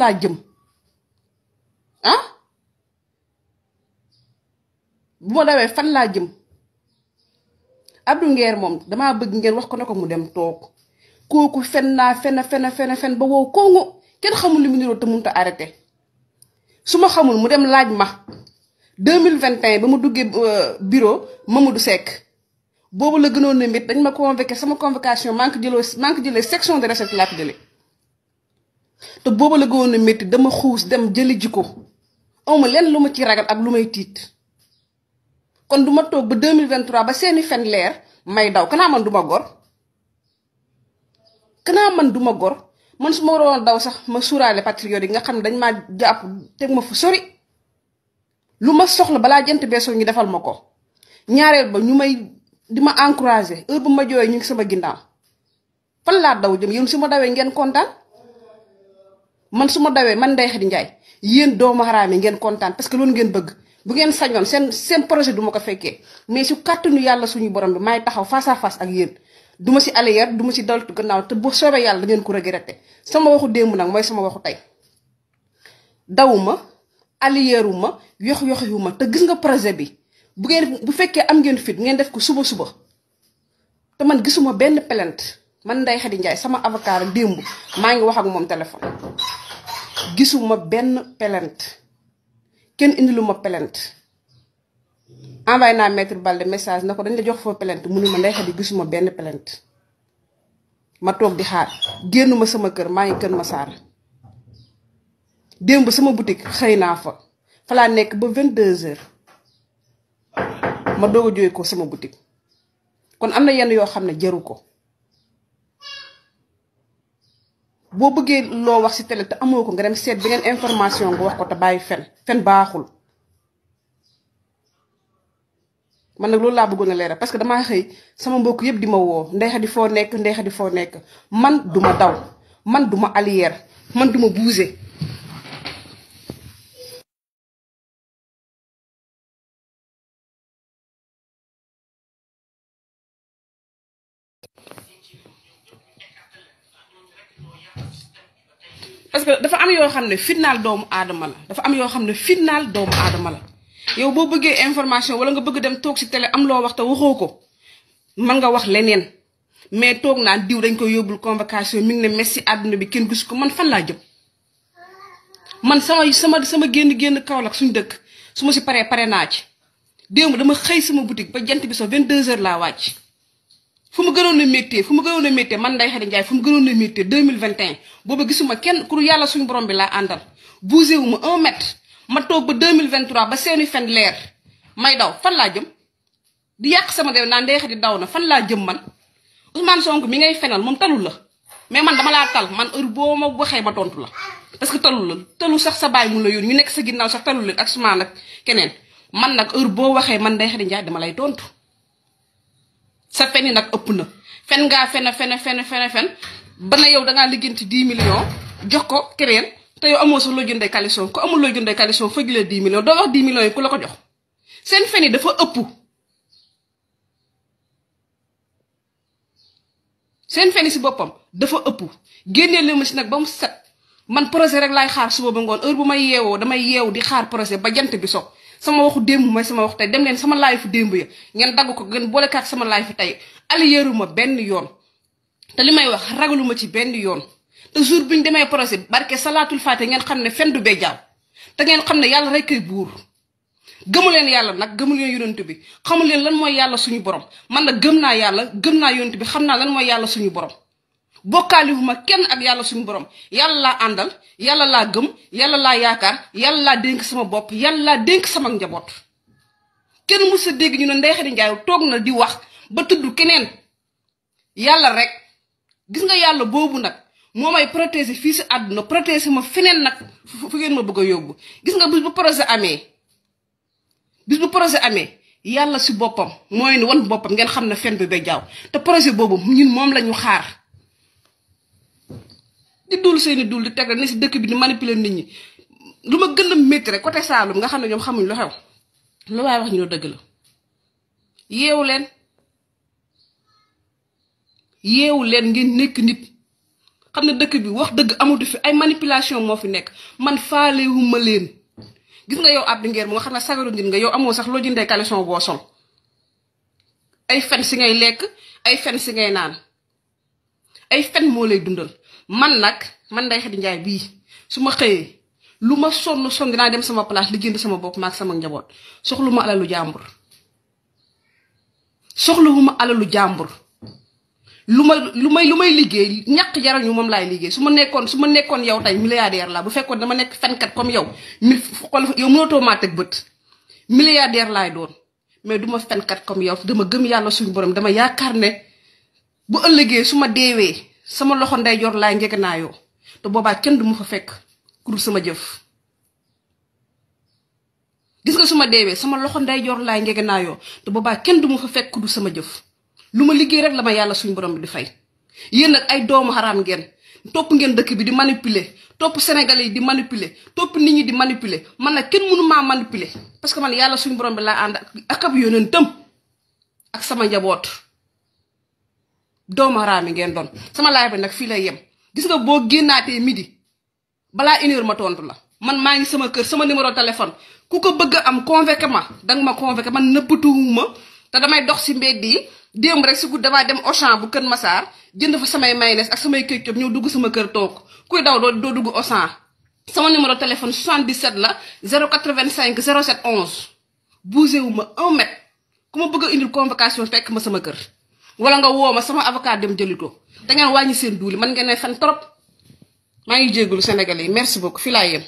laa jëm ah bu ma dawee fan laa jëm Abdou Nguer moom damaa bëgg ngeen wax ko ne ko mu dem toog kooku fen naa fen fen fen fen ba xamul li mu niroo te mënut a su ma xamul mu dem laaj ma 2021 ba mu duggee euh, bureau Mamadou Seck boobu la gënoon na mbir dañ ma convoqué sama convocation manque jëloo manque jëlee section de recet laa ko jëlee te booba la gëwoon a métti dama xuus dem jëli ji ko awma lenn lu ma ci ragal ak lu may tiit kon du ma toog ba mille 2023 ba seeni fen leer may daw kanaa man du ma gor kanaa man du ma gor man su ma waroon daw sax ma suuraale patriote yi nga xam ne dañ maa jàpp teg ma fu sori lu ma soxla balaa jant beesoo ñu defal ma ko ñaareel ba ñu may di ma encouragé heure bu ma jooyee ñu ngi sama ginnaaw fan laa daw jëm yéen su ma dawee ngeen kontaan man su ma dawee man Ndeye Khady Ndiaye yéen doomu xaraam yi ngeen kontaan parce que loolu ngeen bëgg bu ngeen sañoon seen seen projet duma ma ko fekkee mais su kàttanu yàlla suñu borom bi maay taxaw face à face ak yéen duma ma si alléyar du ma si daltu gannaaw te bu soobee yàlla da ngeen ko regretté sama waxu démb nag mooy sama waxu tey dawuma alléyaru ma yox yoxiwu ma te gis nga projet bi bu ngeen bu fekkee am ngeen fit ngeen def ko suba suba te man gisuma benn plainte man Ndeye Khady Ndiaye sama avocat démb maa ngi wax ak moom téléphone gisuma benn plainte kenn indilu ma plainte envoyé naa maître Balde message na ko dañ la jox foofu plainte mu ne ma Ndeye Khady gisuma benn plainte ma toog di xaar génnuma sama kër maa ngi kër ma saar démb sama boutique xëy naa fa fa nekk ba vingt 22h ma doog a jóge ko sama boutique kon am na yenn yoo xam ne jaru ko. boo bëggee loo wax ci télé te amoo ko nga dem seet ngeen information nga wax ko te bàyyi fen fen baaxul man nag loolu laa bëggoon a leeral parce que damaa xëy sama mbokk yëpp di ma woo ndey di foo nekk ndey xa di foo nekk man duma daw man duma arrière man duma bouger parce que dafa am yoo xam ne fitnaal doomu aadama la dafa am yoo xam ne fitnaal doomu aadama la yow boo bëggee information wala nga bëgg dem toog si télé am loo wax te waxoo ko man nga wax leneen mais toog naa diw dañ koy yóbbul convocation mi ngi ne messi àdduna bi kenn gis ko man fan laa jëm man sama sama sama génn génn Kaolack suñu dëkk su ma si paree pare naa ci démb dama xëy sama boutique ba jant bi so deux heures laa wàcc. fu mu gënoon a méttee fu mu gënoon a méttee man Ndeye Khady Ndiaye fu mu gënoon a méttee 2021 booba gisuma kenn ku yàlla suñu borom bi laa àndal bougé wu ma un mètre ma toog ba 2023 ba seeni fen leer may daw fan laa jëm di yàq sama dew naan Ndeye di daw na fan laa jëm man Ousmane sonk mi ngay fenal moom talul la mais man dama laa tal man heure boo ma waxee ma tontu la parce que talul la talu sax sa baay mun la yoon ñu nekk sa ginnaaw sax talul la ak Ousmane ak keneen man nag heure boo waxee man Ndeye Khady dama lay tontu. sa fen nag ëpp na fen ngaa fen fen fen fen ba na yow dangaa liggéenti 10 millions jox ko keneen te yow amoo sax loo jëndee caleçon ku amul loo jëndee caleçon fëgg la 10 millions doo wax 10 millions yi ku la ko jox seen fen dafa ëpp seen fen yi si boppam dafa ëpp génnee li ma si nag ba mu set man projet rek laay xaar suba ba ngoon heure bu may yeewoo damay yeewu di xaar projet ba jant bi so sama waxu démb mooy sama wax tey dem leen sama fu démb ya ngeen dagg ko ngeen boolekaat sama live tey alliéeru ma benn yoon te li may wax ragaluma ci benn yoon te jour bi ñu demee projet barke salaatul faate ngeen xam ne fen du bejjaaw te ngeen xam ne yàlla rek kay buur gëmu leen yàlla nag gëmu leen yonent bi xamu leen lan mooy yàlla suñu borom man nag gëm naa yàlla gëm naa yonent bi xam naa lan mooy yàlla suñu borom bokkaaliwu ma kenn ak yàlla suñu borom yàlla laa àndal yàlla laa gëm yàlla laa yaakaar yàlla laa dénk sama bopp yàlla laa dénk sama njaboot kenn mu sa dégg ñu ne Ndeye Khady toog na di wax ba tudd keneen yàlla rek gis nga yàlla boobu nag moo may protéger fii si àdduna protéger ma feneen nag fu ngeen ma bëgg a yóbbu gis nga bis bu projet amee bis bu projet amee yàlla si boppam mooy ni wan boppam ngeen xam ne fen bi ba jaaw te projet boobu ñun moom la ñu xaar di dul seeni dul di teg rek ne si dëkk bi di manipuler nit ñi lu ma gën a métti rek côté Saalum nga xam ne ñoom xamuñ lu xew lu wax ñu dëgg la yeewu leen yeewu leen ngeen nekk nit xam ne dëkk bi wax dëgg amatu fi ay manipulation moo fi nekk man faalewuma leen gis nga yow Abdou Nguer bu nga xam ne sagaru nit nga yow amoo sax loo jëndee caleçon boo sol ay fen si ngay lekk ay fen si ngay naan ay fen moo lay dundal man nag man Ndeye Khady njaay bii su ma xëyee lu ma sonn sonn naa dem sama place li jënd sama bopp maak sama njaboot soxlu ma alalu jàmbur soxluwuma alalu jàmbur lu ma lu may lu may liggéey ñàkk jarañu moom laay liggéey su ma nekkoon su ma nekkoon yow tey milliardaire laa bu fekkoon dama nekk fenkat comme yow mi yow mënatoo maa teg bët milliardaire laay doon mais du ma fenkat comme yow dama gëm yàlla suñu borom dama yaakaar ne bu ëllëgee su ma deewee sama loxo ndeyjoor laay njegenaayoo te boobaa kenn du ma fa fekk kur sama jëf gis nga su deewee sama loxo ndeyjoor laay njegenaayoo te boobaa kenn du ma fekk sama jëf lu ma liggéey rek la ma yàlla suñu borom bi di fay yéen ay doomu xaraam ngeen topp ngeen dëkk bi di manipuler topp Sénégalais yi di manipuler topp nit ñi di manipuler man na kenn mënu maa manipuler parce que man yàlla suñu borom bi laa ànd ak ab yónentam ak sama njaboot. doomu haraam yi ngeen doon sama laay ba nag fii lay yem gis nga boo génnaatee midi balaa une ma tontu la man maa ngi sama kër sama numéro téléphone ku ko bëgg am convoqué ma danga ma convoqué man nëbbatuwuma te damay dox si mbedd yi démb rek si guddi damaa dem Auchan bu Kër Massar jënd fa samay mayonnaise ak samay ketchup ñëw dugg sama kër tonk kuy daw doo doo dugg Auchan sama numéro téléphone 77 la 085 07 11 bougé wu ma 1 mètre ku ma bëgg a indil convocation fekk ma sama kër. wala nga woo ma sama avocat dem jëli ko da ngeen wàññi seen duuli man ngeen ne fan trop maa ngi jégalu sénégal yi merci beaucoup fi laa